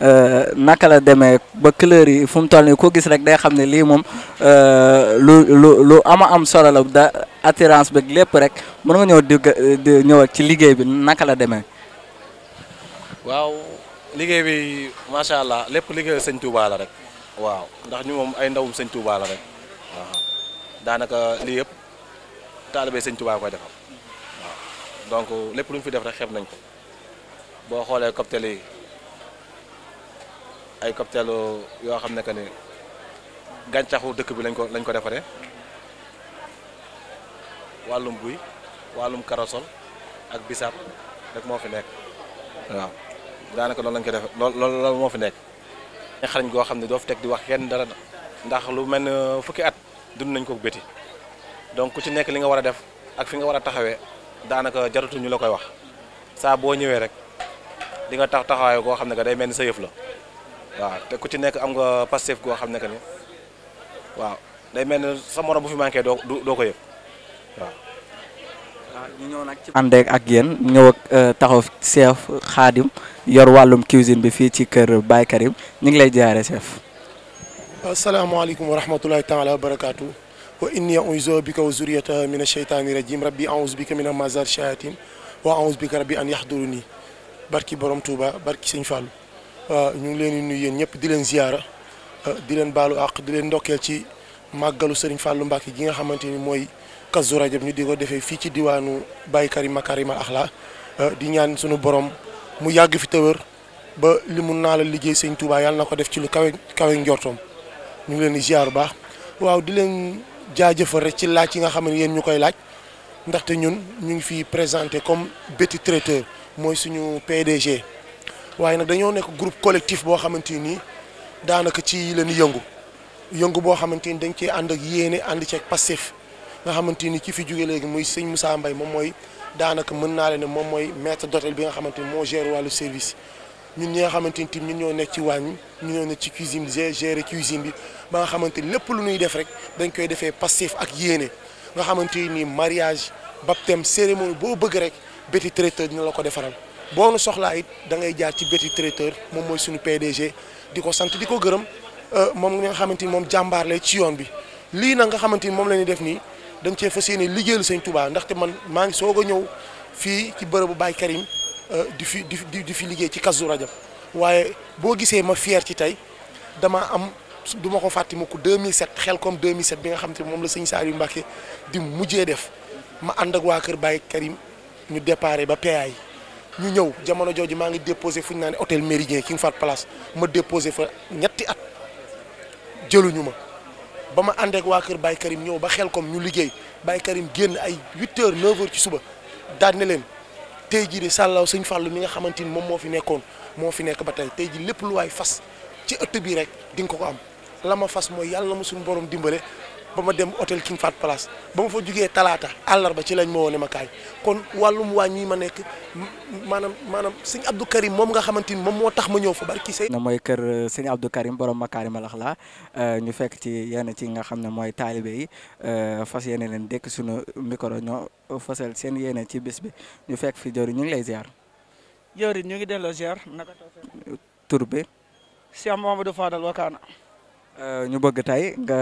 Euh, naka la demee ba couleur yi fu mu toll nii ko gis rek day xam ne lii moom euh, lu lu lu ama am solo la da attirance beeg lépp rek mën nga ñëw di ñëw ak ci liggéey bi naka la demee. waaw liggéey bi macha allah lépp liggéey sëñ Touba la rek waaw ndax ñu moom ay ndawum sëñ Touba la rek waaw daanaka lii yëpp taalibe sëñ Touba koy defal donc lépp lu ñu fi def rek xeeb nañ ko boo xoolee cocktail yi. ay cocktail yoo xam ne que ne gàncaxu dëkk bi lañ ko lañ ko defaree wàllum guy wàllum karasol ak bisaab rek moo fi nekk waaw daanaka loolu lañ ko def loolu moo fi nekk. xarañ goo xam ne doo fi teg di wax kenn dara ndax lu mel ne uh, fukki at dund nañ ko bëti donc ku ci nekk li nga war a def ak fi nga war a taxawee daanaka jaratu ñu la koy wax saa boo ñëwee rek li nga tax taxawaay goo xam ne ka day mel ni sa yëf la. waaw te ku ci nekk am nga Pastef goo xam ne waaw day mel ne sa morom bu fi manqué doo doo ko yëg waaw. waaw nag ci àndeek ak yéen ñëw ak euh, taxaw chef xaadim yor wàllum cuisine bi fii ci kër Baye Karim ñu ngi lay jaare chef. asalaamaaleykum wa rahmatulahi taala wa barakaatu. wa inni auzu bika wa zuriyata min asheytaani rajim rabbi auzu bika min amazar shayatin wa auzu bika rabbi an yaxduruni barki borom Touba barki sëñ Fallou. Euh, ñu ngi leen di nuyu yéen ñëpp di leen ziyaara euh, di leen baalu àq di leen ndokkeel ci màggalu Serigne Fallou Mbacké ji nga xamante ni mooy Kazu Rajab ñu di ko defee fii ci diwaanu Baye Karim Makarim al la euh, di ñaan suñu borom mu yàgg fi tëwër ba li mu naa la liggéey Serigne Touba yàlla na ko def ci lu kawe kawe njortoom ñu ngi leen di ziyaar baax waaw di leen jaajëfal rek ci laaj yi nga xam ne ñu koy laaj ndaxte ñun ñu ngi fii présenté comme Béti Traiteur mooy suñu PDG. waaye nag dañoo nekk groupe collectif boo xamante ni daanaka ci la ñu yëngu yëngu boo xamante ni dañ cee ànd ak yéene ànd ceeg passif nga xamante ni ki fi jóge léegi muy sëñ Moussa mbay moom mooy daanaka mën naa leen ne moom mooy maître d'hôtel bi nga xamante ni moo gère wàllu service ñun ñi nga xamante ni tim ñun ñoo nekk ci wàññi ñu ñoo nekk ci cuisine bi ger cuisine bi ba nga xamante ni lépp lu ñuy def rek dañ koy defee passif ak yéene nga xamante ni mariage baptême cérémonie boo bëgg rek béti traiteur dina la ko defaral boo nu soxlaa it da ngay jaar ci Betty traiteur moom mooy suñu PDG di ko sant di ko gërëm euh, moom nga xamante ni moom jàmbaar lay ci yoon bi lii nag nga xamante ni moom la ñuy def nii dañ cee fas yéene liggéeyal Sëñ Tuubaa ndaxte man maa ngi soog ñëw fii ci bërëbu Baye Karim euh, di fi di di fi liggéey ci Kazu Rajab waaye boo gisee ma fier ci tey dama am du ma ko fàtte ma ko 2007 xel comme 2007 bi nga xam te moom la Sëñ Saliou Mbacké di mujjee def ma ànd ak waa kër Baye Karim ñu déparé ba PA ñu ñëw jamono jooju maa ngi déposé fu ñu naan hôtel Méridien King Fahd Palace ma déposé fa ñetti at jëluñu ma ba ma àndeek waa kër Baye Karim ñëw ba xel kom ñu liggéey Baye Karim génn ay 8 heures ci suba daan ne leen tey jii de sàllaw sëñ Fallou mi nga xamante ni moom moo fi nekkoon moo fi nekk ba tey tey jii lépp lu waay fas ci ëtt bii rek di ko ko am la ma fas mooy yàlla na ma suñu borom dimbale ba ma dem hôtel King Fahd Palace ba ma fa jugee talaata àllarba ci lañ ma woone ma kaay kon wàllum wàññi ma nekk maanaam maanaam sëñ Abdou Karim moom nga xamante ni moom moo tax ma ñëw fa barki say na mooy kër euh, sëñ Abdou Karim borom makaarima lax la euh, ñu fekk ci yenn ci nga xam ne mooy taalibe yi euh, fas yéene leen dékk suñu micro ñoo fasal seen yéene ci bis bi ñu fekk fi jori ñu ngi lay ziar. jori ñu ngi delloo ziar naka tur bi. Cheikh Mamadou Fadal Wakana. ñu bëgg tey nga.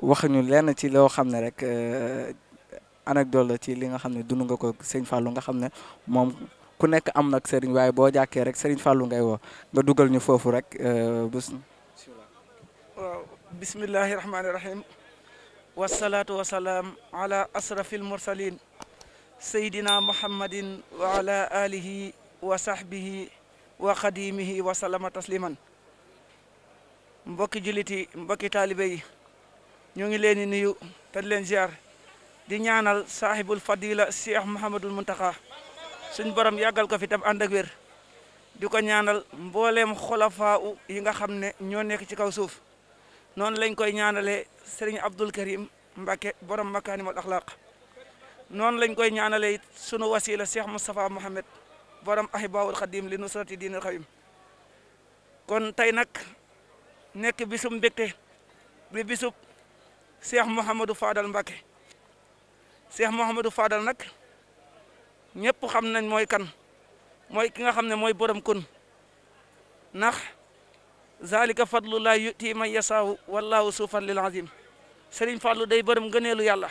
waxuñu lenn ci loo xam ne rek euh, anecdote la ci li nga xam ne dund nga ko sëñ Fallou nga xam ne moom ku nekk am nag sëriñ waaye boo jàkkee rek sëriñ Fallou ngay woo nga dugal ñu foofu rek euh, bés. waaw bismillahi rahmaani rahim wasalaatu wasalaam ala asrafil wa ala alihi wa sahbihi wa juliti mbokki taalibe yi ñoo ngi leen di nuyu te leen ger di ñaanal saahibul fadila cheikh Mouhamadul Muntaxa suñ borom yàggal ko fi tam ànd ak wér di ko ñaanal mboolem xolafaa u yi nga xam ne ñoo nekk ci kaw suuf noonu lañ koy ñaanalee sëriñ Abdul Karim Mbacke borom makaanimal axlaaq noonu lañ koy ñaanale it sunu wasila cheikh Moustapha Mohamed borom ahibawul xadim li nusrati diinal xawim kon tey nag nekk bisum mbégte bi bisub Cheikh Mouhamadou Fadal Mbacké Cheikh Mouhamadou Fadal nag ñëpp xam nañ mooy kan mooy ki nga xam ne mooy borom kun ndax zalika fadlullah yuti man yasaahu wallahu sufan lil azim Serigne day borom gëneelu yàlla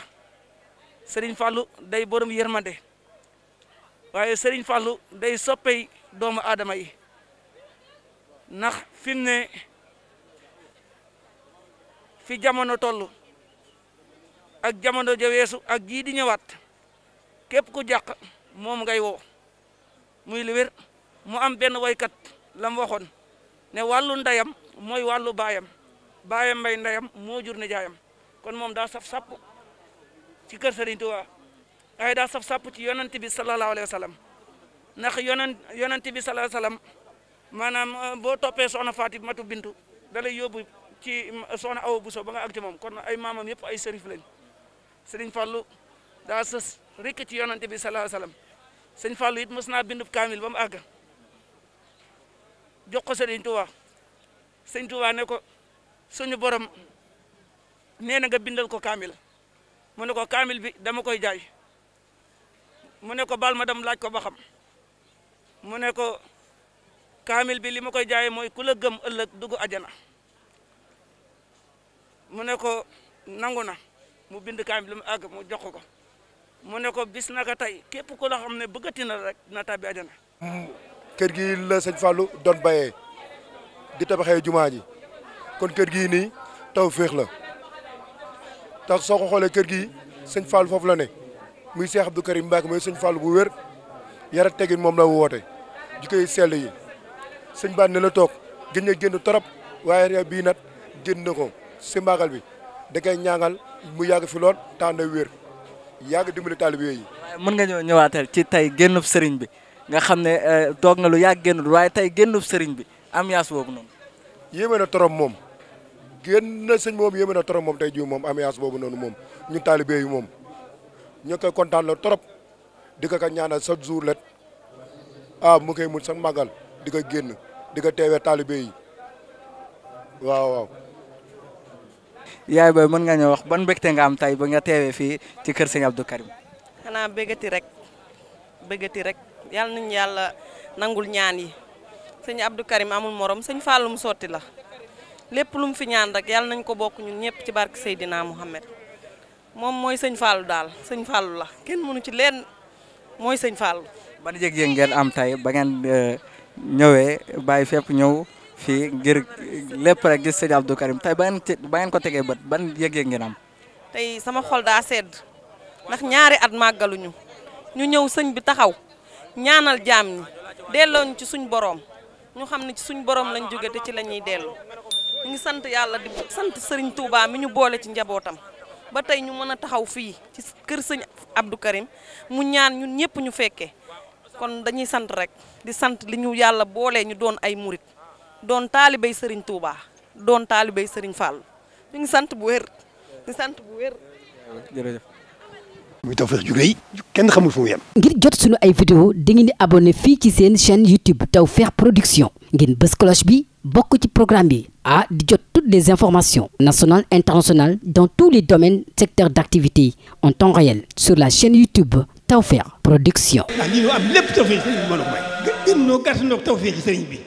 Serigne Fallou day borom yërmande waaye Serigne Fallou day soppey doomu aadama yi ndax fi mu ne fi jamono ak jamono ja weesu ak jii di ñëwaat képp ku jàq moom ngay wo muy lu mu am benn waykat la mu waxoon ne wàllu ndeyam mooy wàllu baayam baayam mbay ndeyam moo jur ne jaayam kon moom daa saf sapp ci kër Serigne Touba waaye daa saf sàpp ci yonent bi sallallahu alayhi wa sallam ndax yonent yonent bi sallallahu alayhi wa sallam maanaam euh, boo toppee soxna Faati Matu Bintu da lay yóbbu ci euh, soxna Awa Buso ba nga ak moom kon ay maamam yëpp ay sërif lañ sëriñ Fallu daa sës rek ci yonante bi sallallahu alayhi wasallam sëñ Fallu it mos naa bindub kaamil ba mu àgg jox ko sëriñ Tuubaa ne ko suñu borom nee na bindal ko kaamil mu ne ko kaamil bi dama koy jaay mu ne ko balma dam laaj ko ba mu ne ko kaamil bi li ma koy jaayee mooy ku la gëm ëllëg dugg ajana mu ne ko nangu na mu bind kaamil bi mu àgg mu jox ko mu ne ko bis naka tey képp ko la xam ne bëggati na rek dina tàbbi àjjana. kër gi la sëñ Fallou doon bayee di tabaxee jumaa ji kon kër gi nii taw féex la tax soo ko xoolee kër gi sëñ Fallou foofu la ne muy Cheikh Abdou Karim Mbacke mooy sëñ Fallou bu wér yara tegin moom la woote jikkoy sell yi sëñ Ba ne la toog gën a génn torop waaye bii nat génn na ko si mbaagal bi. da koy mu yàgg fi lool tànn wér yàgg dimbali taalibe mën nga ñëw ñëwaatal ci tey génnub sëriñ bi nga xam ne eh, toog na lu yàgg génnul waaye tey génnub sëriñ bi am yaas boobu noonu. yéeme na torop moom génn na sëñ moom yéeme na torop moom tey jii moom am boobu noonu moom ñun taalibe moom ñu koy kontaan la torop di ko ka ñaanal chaque jour let ah mu koy mun sax màggal di ko génn di ko teewee taalibe yi waaw. yaay booy mën nga ñoo wax ban mbégte nga am tey ba nga teewee fii ci kër sëñ Abdou Karim. xanaa bëggati rek bëggati rek yal nañu yàlla nangul ñaan yi sëñ Abdou Karim amul morom sëñ Fallou sotti la lépp lum fi ñaan rek yal nañ ko bokk ñun ñëpp ci barke Seydina Mohamed moom mooy sëñ Fallou daal sëñ Fallou la kenn mënu ci leen mooy sëñ Fallou. ban yëg-yëg ngeen am tey ba ngeen euh, ñëwee bàyyi fépp ñëw. fii ngir lépp rek gis sëñ Abdou Karim tey ba ngeen ba ngeen ko tegee bët ban yëg-yëg ngeen am. tey sama xol daa sedd ndax ñaari at màggaluñu ñu ñëw sëñ bi taxaw ñaanal jaam ñi dellooñ ci suñ boroom ñu xam ne ci suñ boroom lañ jóge te ci la ñuy dellu ñu ngi sant yàlla di sant sëriñ Touba mi ñu boole ci njabootam ba tey ñu mën a taxaw fii ci kër sëñ Abdou Karim mu ñaan ñun ñëpp ñu fekkee kon dañuy sant rek di sant li ñu yàlla boole ñu doon ay murit doon taalibey sëriñ Touba doon taalibey sëriñ Fall ñu ngi sant bu wér di sant bu wér. jërëjëf. muy Tawfekh jugee yi kenn xamul fu ngir jot sunu ay vidéo dangeen di abonné fii ci seen chaîne YouTube Tawfekh Production ngeen bës cloche bi bokk ci programme bi ah di jot toutes les informations nationales internationales dans tous les domaines secteurs d'activité en temps réel sur la chaîne YouTube Tawfekh Production. ah lii